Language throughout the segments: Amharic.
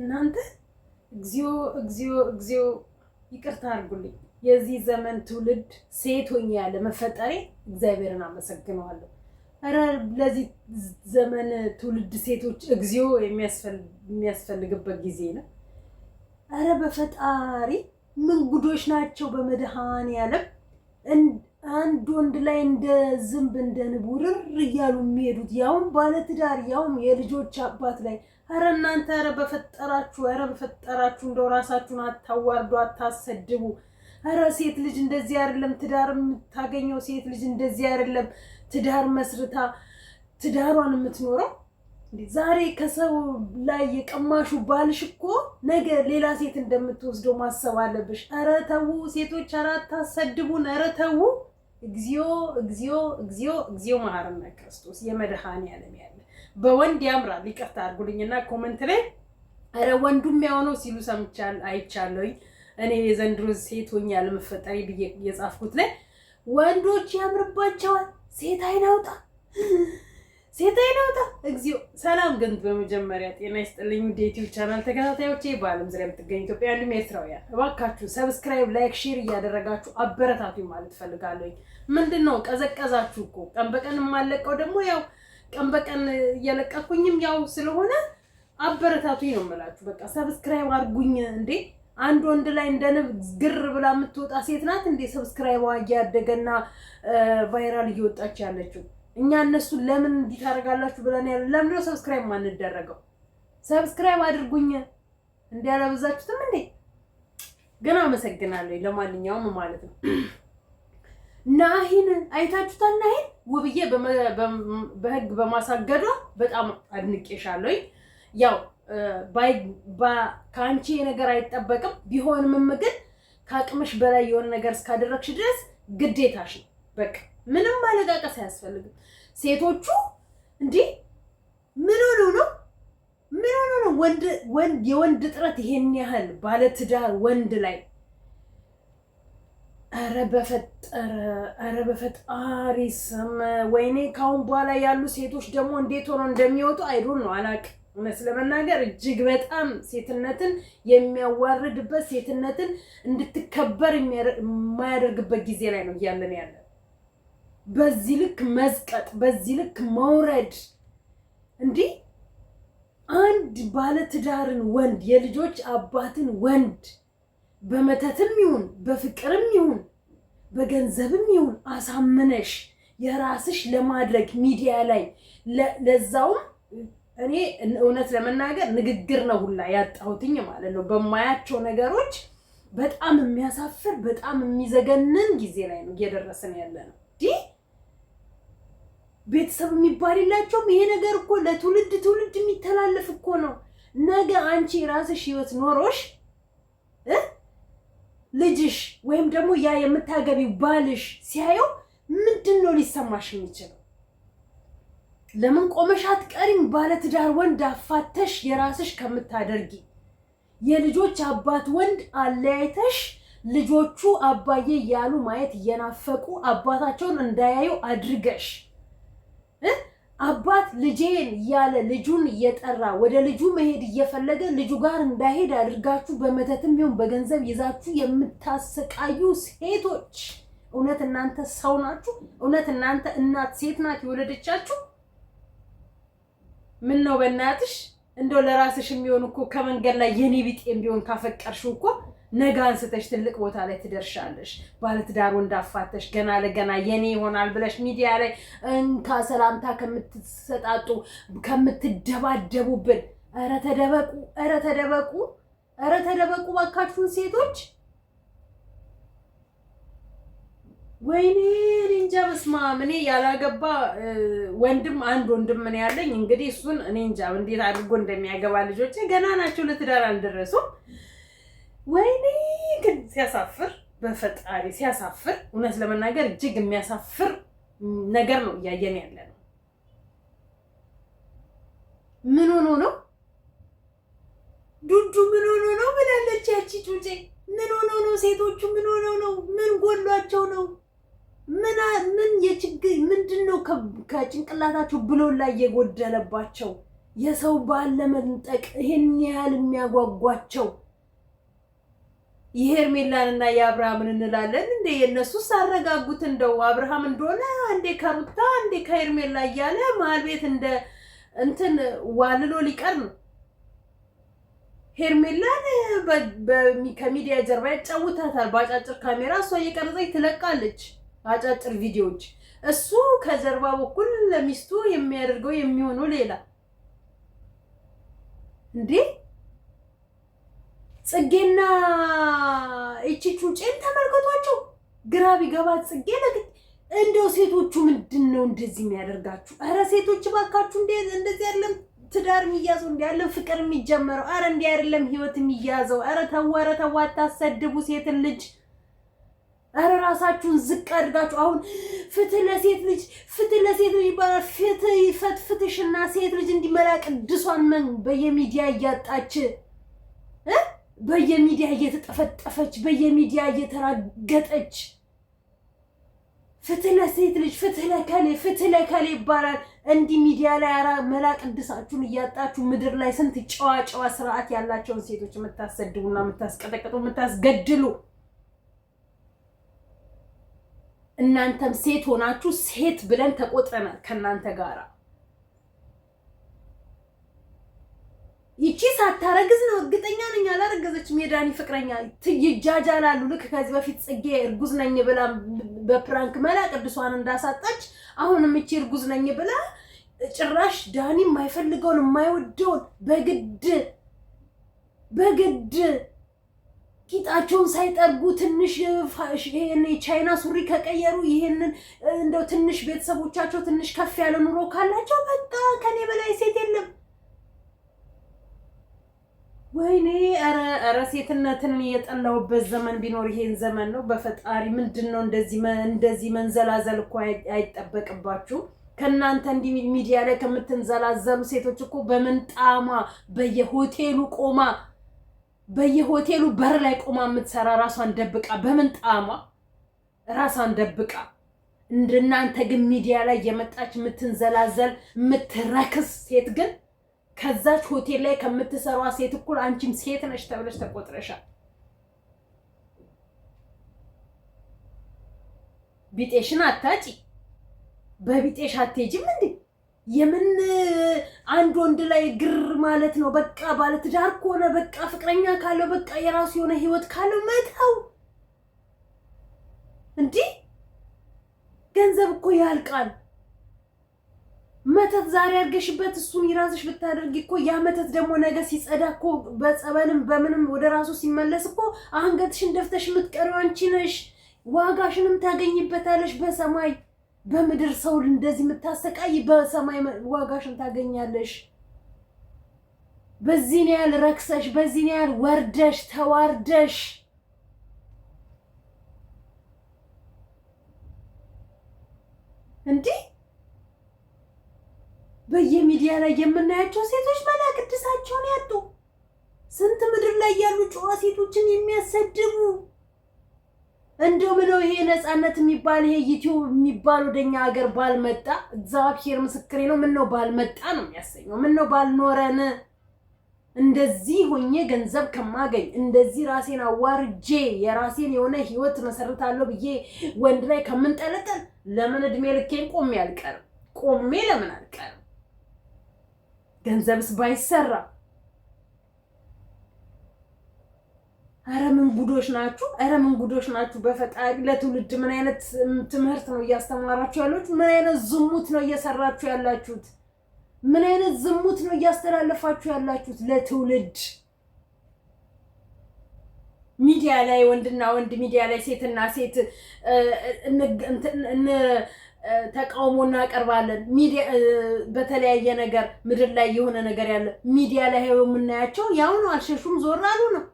እናንተ እግዚኦ እግዚኦ እግዚኦ ይቅርታ አድርጉልኝ። የዚህ ዘመን ትውልድ ሴት ሆኜ ያለ መፈጠሬ እግዚአብሔርን አመሰግነዋለሁ። ኧረ ለዚህ ዘመን ትውልድ ሴቶች እግዚኦ የሚያስፈልግበት ጊዜ ነው። ኧረ በፈጣሪ ምን ጉዶች ናቸው! ያለም አንድ ወንድ ላይ እንደ ዝንብ እንደ ንብ ውርር እያሉ የሚሄዱት ያውም ባለትዳር ያውም የልጆች አባት ላይ ኧረ እናንተ ኧረ በፈጠራችሁ ኧረ በፈጠራችሁ እንደው ራሳችሁን አታዋርዱ፣ አታሰድቡ። ኧረ ሴት ልጅ እንደዚህ አይደለም ትዳር የምታገኘው ሴት ልጅ እንደዚህ አይደለም ትዳር መስርታ ትዳሯን የምትኖረው። ዛሬ ከሰው ላይ የቀማሹ ባልሽ እኮ ነገ ሌላ ሴት እንደምትወስደው ማሰብ አለብሽ። ኧረ ተው ሴቶች፣ ኧረ አታሰድቡን፣ ኧረ ተው። እግዚኦ እግዚኦ እግዚኦ እግዚኦ መሐረነ ክርስቶስ የመድኃኔዓለም ያለ በወንድ ያምራል። ይቅርታ አድርጉልኝና ኮመንት ላይ ኧረ ወንዱም ያሆነው ሲሉ ሰምቻል አይቻለኝ። እኔ የዘንድሮ ሴት ሆኛ ለመፈጠሪ ብዬ የጻፍኩት ላይ ወንዶች ያምርባቸዋል፣ ሴት አይናውጣ ሴታዊ ነውታ እግዚኦ። ሰላም ግን በመጀመሪያ ጤና ይስጥልኝ ውድ የዩቲዩብ ቻናል ተከታታዮቼ በዓለም ዙሪያ የምትገኙ ኢትዮጵያውያንም ኤርትራውያን እባካችሁ ሰብስክራይብ፣ ላይክ፣ ሼር እያደረጋችሁ አበረታቱ ማለት ፈልጋለኝ። ምንድን ነው ቀዘቀዛችሁ እኮ ቀን በቀን የማለቀው ደግሞ ያው ቀን በቀን እየለቀኩኝም ያው ስለሆነ አበረታቱኝ ነው የምላችሁ። በቃ ሰብስክራይብ አድርጉኝ። እንዴ አንድ ወንድ ላይ እንደ ንብ ግር ብላ የምትወጣ ሴት ናት እንዴ ሰብስክራይቧ እያደገና ቫይራል እየወጣች ያለችው? እኛ እነሱን ለምን እንዲህ ታደርጋላችሁ ብለን ያለ ለምን ነው ሰብስክራይብ ማንደረገው? ሰብስክራይብ አድርጉኝ። እንዲያላበዛችሁትም እንዴ ግን አመሰግናለሁ። ለማንኛውም ማለት ነው ናሂን አይታችሁታል። ናሂን ውብዬ በህግ በማሳገዷ በጣም አድንቄሻለሁ። ያው ከአንቺ ነገር አይጠበቅም ቢሆንም ግን ከአቅምሽ በላይ የሆነ ነገር እስካደረግሽ ድረስ ግዴታሽ በቃ ምንም ማለቃቀስ አያስፈልግም። ሴቶቹ እንዲህ ምን ሆኖ ነው ምን ሆኖ ነው ወንድ ወንድ የወንድ ጥረት ይሄን ያህል ባለትዳር ወንድ ላይ? ኧረ በፈጠረ ኧረ በፈጣሪ ስም ወይኔ! ካሁን በኋላ ያሉ ሴቶች ደግሞ እንዴት ሆኖ እንደሚወጡ አይዱን ነው አላውቅም። እውነት ለመናገር እጅግ በጣም ሴትነትን የሚያዋርድበት ሴትነትን እንድትከበር የማያደርግበት ጊዜ ላይ ነው እያለን ያለን በዚህ ልክ መዝቀጥ፣ በዚህ ልክ መውረድ እንዲህ አንድ ባለትዳርን ወንድ የልጆች አባትን ወንድ በመተትም ይሁን በፍቅርም ይሁን በገንዘብም ይሁን አሳምነሽ የራስሽ ለማድረግ ሚዲያ ላይ ለዛውም እኔ እውነት ለመናገር ንግግር ነው ሁላ ያጣሁትኝ ማለት ነው። በማያቸው ነገሮች በጣም የሚያሳፍር በጣም የሚዘገንን ጊዜ ላይ ነው እየደረስን ያለ ነው። ቤተሰብ የሚባል የላቸውም። ይሄ ነገር እኮ ለትውልድ ትውልድ የሚተላለፍ እኮ ነው። ነገ አንቺ የራስሽ ህይወት ኖሮሽ ልጅሽ ወይም ደግሞ ያ የምታገቢው ባልሽ ሲያየው ምንድን ነው ሊሰማሽ የሚችለው? ለምን ቆመሽ አትቀሪም? ባለትዳር ወንድ አፋተሽ የራስሽ ከምታደርጊ የልጆች አባት ወንድ አለያይተሽ ልጆቹ አባዬ እያሉ ማየት እየናፈቁ አባታቸውን እንዳያዩ አድርገሽ አባት ልጄን እያለ ልጁን እየጠራ ወደ ልጁ መሄድ እየፈለገ ልጁ ጋር እንዳይሄድ አድርጋችሁ በመተትም ቢሆን በገንዘብ ይዛችሁ የምታሰቃዩ ሴቶች እውነት እናንተ ሰው ናችሁ? እውነት እናንተ እናት ሴት ናት የወለደቻችሁ? ምን ነው በእናትሽ እንደው ለራስሽ የሚሆን እኮ ከመንገድ ላይ የኔ ቢጤም ቢሆን ካፈቀርሽው እኮ ነገ አንስተሽ ትልቅ ቦታ ላይ ትደርሻለሽ። ባለትዳር እንዳፋተሽ ገና ለገና የኔ ይሆናል ብለሽ ሚዲያ ላይ እንካ ሰላምታ ከምትሰጣጡ ከምትደባደቡብን፣ ኧረ ተደበቁ፣ ኧረ ተደበቁ፣ ኧረ ተደበቁ ባካችሁን ሴቶች። ወይኔ እንጃ በስመ አብ። እኔ ያላገባ ወንድም አንድ ወንድም ምን ያለኝ እንግዲህ እሱን እኔ እንጃ እንዴት አድርጎ እንደሚያገባ ልጆቼ ገና ናቸው፣ ለትዳር አልደረሱም። ወይኔ ግን ሲያሳፍር፣ በፈጣሪ ሲያሳፍር። እውነት ለመናገር እጅግ የሚያሳፍር ነገር ነው እያየን ያለ ነው። ምን ሆኖ ነው ዱዱ? ምን ሆኖ ነው ብላለች ያቺ ጩጬ። ምን ሆኖ ነው ሴቶቹ? ምን ሆኖ ነው? ምን ጎሏቸው ነው? ምን የችግር ምንድን ነው ከጭንቅላታቸው ብሎ ላይ የጎደለባቸው የሰው ባለመንጠቅ ለመንጠቅ ይሄን ያህል የሚያጓጓቸው የሄርሜላን እና የአብርሃምን እንላለን እንደ የእነሱስ አረጋጉት። እንደው አብርሃም እንደሆነ አንዴ ከሩታ አንዴ ከሄርሜላ እያለ መሀል ቤት እንደ እንትን ዋልሎ ሊቀር ነው። ሄርሜላን ከሚዲያ ጀርባ ያጫውታታል። በአጫጭር ካሜራ እሷ እየቀረጸች ትለቃለች አጫጭር ቪዲዮዎች። እሱ ከጀርባ በኩል ለሚስቱ የሚያደርገው የሚሆነው ሌላ እንዴ ጽጌና እቺ ጩጬን ተመልከቷቸው። ግራ ጽጌ እንደው ሴቶቹ ምንድን ነው እንደዚህ የሚያደርጋችሁ? አረ ሴቶች ባካችሁ እንደዚህ ያለም ትዳር የሚያዘው እንዲ ያለም ፍቅር የሚጀመረው አረ እንዲ አይደለም ህይወት የሚያዘው። አረ ተው፣ አረ ተው፣ አታሰድቡ ሴትን ልጅ። አረ ራሳችሁን ዝቅ አድርጋችሁ አሁን ፍትህ ለሴት ልጅ ፍትህ ለሴት ልጅ ይባላል። ፍትህ ይፈት ፍትሽና ሴት ልጅ እንዲመላ ድሷን መን በየሚዲያ እያጣች በየሚዲያ እየተጠፈጠፈች በየሚዲያ እየተራገጠች ፍትህ ለሴት ልጅ ፍትህ ለከሌ ፍትህ ለከሌ ይባላል። እንዲህ ሚዲያ ላይ አራ መላ ቅድሳችሁን እያጣችሁ ምድር ላይ ስንት ጨዋ ጨዋ ስርዓት ያላቸውን ሴቶች የምታሰድቡና የምታስቀጠቅጡ የምታስገድሉ እናንተም ሴት ሆናችሁ ሴት ብለን ተቆጥረናል ከእናንተ ጋራ ይቺ ሳታረግዝ ነው እርግጠኛ ነኝ። አላረገዘችም። የዳኒ ፍቅረኛ ትይጃጃላሉ። ልክ ከዚህ በፊት ጽጌ እርጉዝ ነኝ ብላ በፕራንክ መላ ቅዱሷን እንዳሳጣች አሁንም ይቺ እርጉዝ ነኝ ብላ ጭራሽ ዳኒ የማይፈልገውን የማይወደውን በግድ በግድ ጌጣቸውን ሳይጠርጉ ትንሽ የቻይና ሱሪ ከቀየሩ ይሄንን እንደው ትንሽ ቤተሰቦቻቸው ትንሽ ከፍ ያለ ኑሮ ካላቸው በቃ ከኔ በላይ ሴት የለም ወይኔ ኧረ ሴትነትን የጠላሁበት ዘመን ቢኖር ይሄን ዘመን ነው። በፈጣሪ ምንድን ነው እንደዚህ እንደዚህ መንዘላዘል እኮ አይጠበቅባችሁ ከእናንተ እንዲህ ሚዲያ ላይ ከምትንዘላዘሉ ሴቶች እኮ በምንጣማ በየሆቴሉ ቆማ በየሆቴሉ በር ላይ ቆማ የምትሰራ ራሷን ደብቃ በምንጣማ ራሷን ደብቃ፣ እንደናንተ ግን ሚዲያ ላይ የመጣች የምትንዘላዘል የምትረክስ ሴት ግን ከዛች ሆቴል ላይ ከምትሰሯ ሴት እኩል አንቺም ሴት ነሽ ተብለሽ ተቆጥረሻል። ቢጤሽን አታጪ፣ በቢጤሽ አትሄጂም እንዴ? የምን አንድ ወንድ ላይ ግር ማለት ነው? በቃ ባለትዳር ከሆነ በቃ ፍቅረኛ ካለው በቃ የራሱ የሆነ ህይወት ካለው መተው እንዲህ ገንዘብ እኮ ያልቃል። መተት ዛሬ አድርገሽበት እሱን ይራዝሽ ብታደርጊ እኮ ያ መተት ደግሞ ነገ ሲጸዳ እኮ በጸበልም በምንም ወደ ራሱ ሲመለስ እኮ አንገትሽን ደፍተሽ የምትቀሪው አንቺ ነሽ። ዋጋሽንም ታገኝበታለሽ በሰማይ በምድር ሰው እንደዚህ የምታሰቃይ በሰማይ ዋጋሽን ታገኛለሽ። በዚህን ያህል ረክሰሽ፣ በዚህን ያህል ወርደሽ ተዋርደሽ እንዲህ በየሚዲያ ላይ የምናያቸው ሴቶች መላ ቅድሳቸውን ያጡ ስንት ምድር ላይ ያሉ ጨዋ ሴቶችን የሚያሰድቡ እንደው ምነው ይሄ ነፃነት የሚባል ይሄ ዩቲዩብ የሚባል ወደኛ ሀገር ባልመጣ፣ እግዚአብሔር ምስክሬ ነው። ምነው ባልመጣ ነው የሚያሰኘው። ምነው ባልኖረን። እንደዚህ ሆኜ ገንዘብ ከማገኝ እንደዚህ ራሴን አዋርጄ የራሴን የሆነ ህይወት መሰረታለሁ ብዬ ወንድ ላይ ከምንጠለጠል ለምን እድሜ ልኬን ቆሜ አልቀርም? ቆሜ ለምን አልቀርም? ገንዘብስ ባይሰራ ኧረ ምን ጉዶች ናችሁ! ኧረ ምን ጉዶች ናችሁ! በፈጣሪ ለትውልድ ምን አይነት ትምህርት ነው እያስተማራችሁ ያላችሁት? ምን አይነት ዝሙት ነው እየሰራችሁ ያላችሁት? ምን አይነት ዝሙት ነው እያስተላለፋችሁ ያላችሁት ለትውልድ? ሚዲያ ላይ ወንድና ወንድ፣ ሚዲያ ላይ ሴትና ሴት ተቃውሞ እናቀርባለን። በተለያየ ነገር ምድር ላይ የሆነ ነገር ያለ ሚዲያ ላይ የምናያቸው ያው ነው። አልሸሹም ዞር አሉ ነው።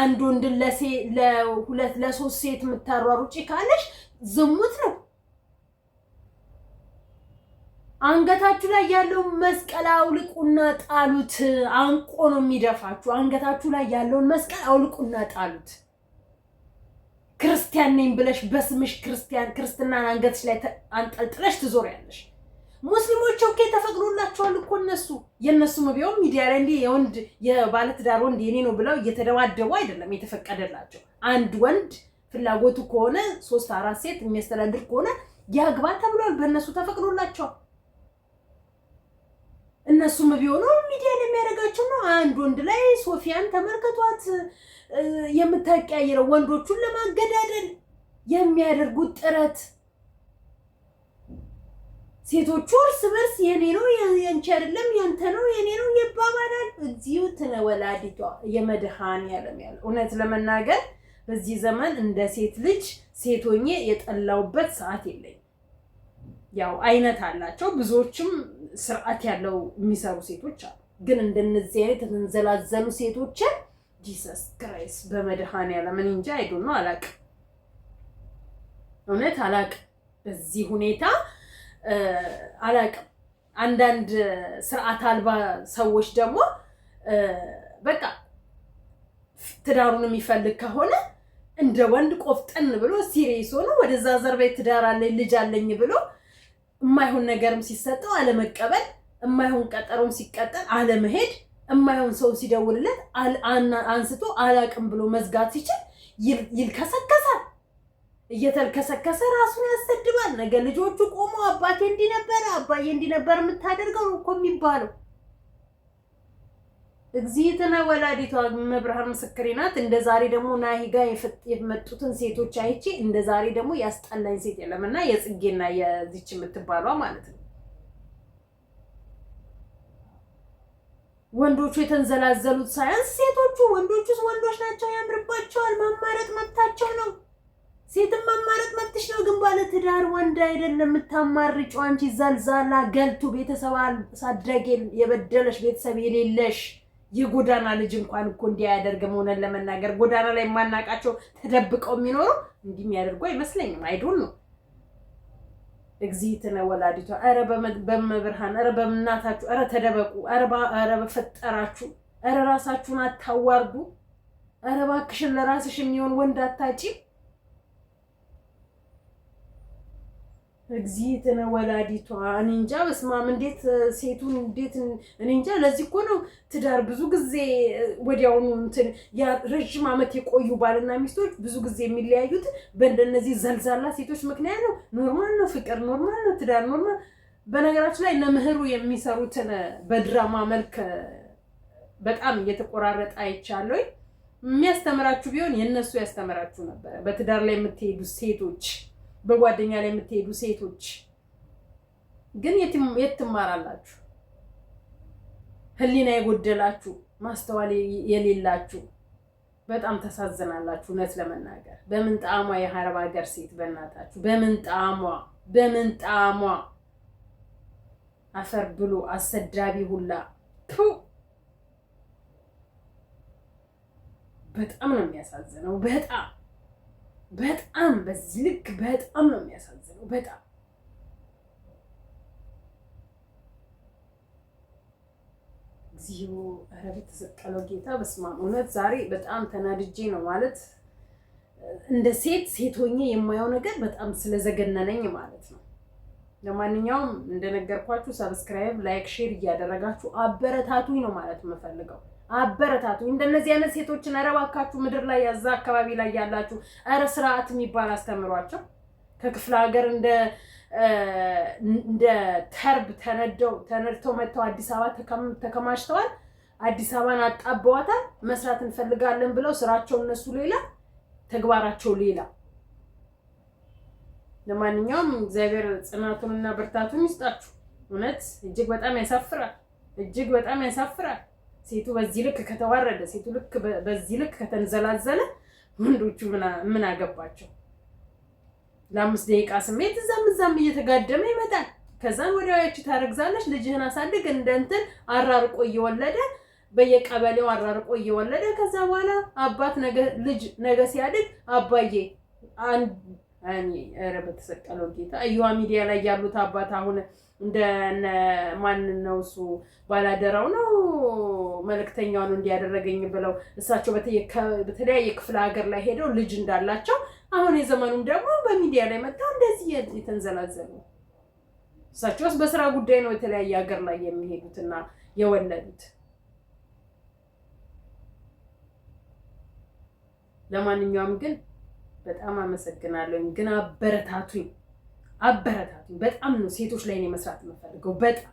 አንድ ወንድን ለሴ ለሁለት ለሶስት ሴት የምታሯሩጪ ካለሽ ዝሙት ነው። አንገታችሁ ላይ ያለውን መስቀል አውልቁና ጣሉት። አንቆ ነው የሚደፋችሁ። አንገታችሁ ላይ ያለውን መስቀል አውልቁና ጣሉት። ክርስቲያን ነኝ ብለሽ በስምሽ ክርስቲያን ክርስትናን አንገትሽ ላይ አንጠልጥለሽ ትዞሪያለሽ። ሙስሊሞች ኦኬ ተፈቅዶላቸዋል እኮ እነሱ የእነሱ ቢሆን ሚዲያ ላይ እንዲህ የወንድ የባለትዳር ወንድ የኔ ነው ብለው እየተደባደቡ አይደለም የተፈቀደላቸው። አንድ ወንድ ፍላጎቱ ከሆነ ሶስት አራት ሴት የሚያስተዳድር ከሆነ ያግባ ተብሏል። በእነሱ ተፈቅዶላቸዋል። እነሱም ቢሆኑ ሚዲያ ላይ የሚያደርጋቸው ነው። አንድ ወንድ ላይ ሶፊያን ተመልከቷት፣ የምታቀያይረው ወንዶቹን ለማገዳደል የሚያደርጉት ጥረት ሴቶቹ እርስ በርስ የኔ ነው የንቺ አይደለም ያንተ ነው የኔ ነው ይባባላል። እዚሁ ትነወላዲቷ ያለም ያለ እውነት ለመናገር በዚህ ዘመን እንደ ሴት ልጅ ሴቶኜ የጠላውበት ሰዓት የለኝ። ያው አይነት አላቸው። ብዙዎችም ስርዓት ያለው የሚሰሩ ሴቶች አሉ። ግን እንደነዚህ አይነት የተንዘላዘሉ ሴቶችን ጂሰስ ክራይስት በመድኃኔዓለም እኔ እንጃ አይዱ ነው አላቅ እውነት አላቅ በዚህ ሁኔታ አላቅ። አንዳንድ ስርዓት አልባ ሰዎች ደግሞ በቃ ትዳሩን የሚፈልግ ከሆነ እንደ ወንድ ቆፍጠን ብሎ ሲሪየስ ሆኖ ወደዛ ዘር ቤት ትዳር አለኝ ልጅ አለኝ ብሎ የማይሆን ነገርም ሲሰጠው አለመቀበል፣ የማይሆን ቀጠሮም ሲቀጠር አለመሄድ፣ የማይሆን ሰው ሲደውልለት አንስቶ አላቅም ብሎ መዝጋት ሲችል ይልከሰከሳል። እየተልከሰከሰ ራሱን ያሰድባል። ነገ ልጆቹ ቆመው አባቴ እንዲነበረ አባዬ እንዲነበር የምታደርገው እኮ የሚባለው እግዚእትነ ወላዲቷ መብርሃን ምስክሬ ናት። እንደ ዛሬ ደግሞ ጋ የመጡትን ሴቶች አይቼ እንደ ዛሬ ደግሞ ያስጠላኝ ሴት የለም እና የጽጌና የዚች የምትባሏ ማለት ነው። ወንዶቹ የተንዘላዘሉት ሳያንስ ሴቶቹ ወንዶቹስ ወንዶች ናቸው፣ ያምርባቸዋል። ማማረጥ መብታቸው ነው። ሴትም ማማረጥ መብትሽ ነው። ግን ባለ ወንድ አይደለም የምታማርጪው አንቺ። ዛልዛላ ገልቱ ቤተሰብ አሳዳጊ የበደለሽ ቤተሰብ የሌለሽ የጎዳና ልጅ እንኳን እኮ እንዲህ አያደርግም። ሆነን ለመናገር ጎዳና ላይ የማናውቃቸው ተደብቀው የሚኖሩ እንዲህ የሚያደርጉ አይመስለኝም። አይዶል ነው እግዚእትነ ወላዲቷ፣ ኧረ በመብርሃን፣ ኧረ በምናታችሁ ኧረ ተደበቁ፣ ኧረ በፈጠራችሁ፣ ኧረ ራሳችሁን አታዋርዱ፣ ኧረ እባክሽን ለራስሽ የሚሆን ወንድ አታጪ። እግዚትነ ወላዲቷ እኔ እንጃ በስመ እንዴት ሴቱን እንዴት እኔ እንጃ። ለዚህ እኮ ነው ትዳር ብዙ ጊዜ ወዲያውኑ እንትን ረዥም ዓመት የቆዩ ባልና ሚስቶች ብዙ ጊዜ የሚለያዩት በእንደነዚህ ዘልዛላ ሴቶች ምክንያት ነው። ኖርማል ነው፣ ፍቅር ኖርማል ነው፣ ትዳር ኖርማል። በነገራችን ላይ ነምህሩ የሚሰሩትን በድራማ መልክ በጣም እየተቆራረጠ አይቻለሁ። የሚያስተምራችሁ ቢሆን የእነሱ ያስተምራችሁ ነበረ በትዳር ላይ የምትሄዱ ሴቶች በጓደኛ ላይ የምትሄዱ ሴቶች ግን የት ትማራላችሁ? ህሊና የጎደላችሁ ማስተዋል የሌላችሁ በጣም ተሳዝናላችሁ። እውነት ለመናገር በምን ጣሟ የአረብ ሀገር ሴት በእናታችሁ በምን ጣሟ በምን ጣሟ አፈር ብሎ አሰዳቢ ሁላ በጣም ነው የሚያሳዝነው። በጣም በጣም በጣም በዚህ ልክ በጣም ነው የሚያሳዝነው። በጣም እዚሁ ኧረ በተሰቀለው ጌታ በስማ እውነት ዛሬ በጣም ተናድጄ ነው ማለት እንደ ሴት ሴት ሆኜ የማየው ነገር በጣም ስለዘገነነኝ ማለት ነው። ለማንኛውም እንደነገርኳችሁ ሰብስክራይብ፣ ላይክ፣ ሼር እያደረጋችሁ አበረታቱኝ ነው ማለት የምፈልገው። አበረታቱ። እንደነዚህ አይነት ሴቶችን ኧረ እባካችሁ ምድር ላይ ያዛ አካባቢ ላይ ያላችሁ ኧረ ስርዓት የሚባል አስተምሯቸው። ከክፍለ ሀገር እንደ እንደ ተርብ ተነደው ተነድተው መጥተው አዲስ አበባ ተከማችተዋል። አዲስ አበባን አጣበዋታል። መስራት እንፈልጋለን ብለው ስራቸው እነሱ ሌላ፣ ተግባራቸው ሌላ። ለማንኛውም እግዚአብሔር ጽናቱንና ብርታቱን ይስጣችሁ። እውነት እጅግ በጣም ያሳፍራል። እጅግ በጣም ያሳፍራል። ሴቱ በዚህ ልክ ከተዋረደ፣ ሴቱ ልክ በዚህ ልክ ከተንዘላዘለ ወንዶቹ ምን አገባቸው? ለአምስት ደቂቃ ስሜት እዛም እዛም እየተጋደመ ይመጣል። ከዛን ወዲያዎች ታረግዛለች። ልጅህን አሳድግ እንደ እንትን አራርቆ እየወለደ በየቀበሌው አራርቆ እየወለደ ከዛ በኋላ አባት ልጅ ነገ ሲያድግ አባዬ አንድ ኧረ በተሰቀለው ጌታ እዩዋ ሚዲያ ላይ ያሉት አባት አሁን እንደ ማንን ነው እሱ ባላደራው ነው መልእክተኛው ነው እንዲያደረገኝ ብለው እሳቸው በተለያየ ክፍለ ሀገር ላይ ሄደው ልጅ እንዳላቸው አሁን የዘመኑም ደግሞ በሚዲያ ላይ መጣ እንደዚህ የተንዘላዘሉ እሳቸውስ በስራ ጉዳይ ነው የተለያየ ሀገር ላይ የሚሄዱትና የወለዱት። ለማንኛውም ግን በጣም አመሰግናለሁ። ግን አበረታቱኝ። አበረታቱ። በጣም ነው ሴቶች ላይ ነው መስራት የምፈልገው በጣም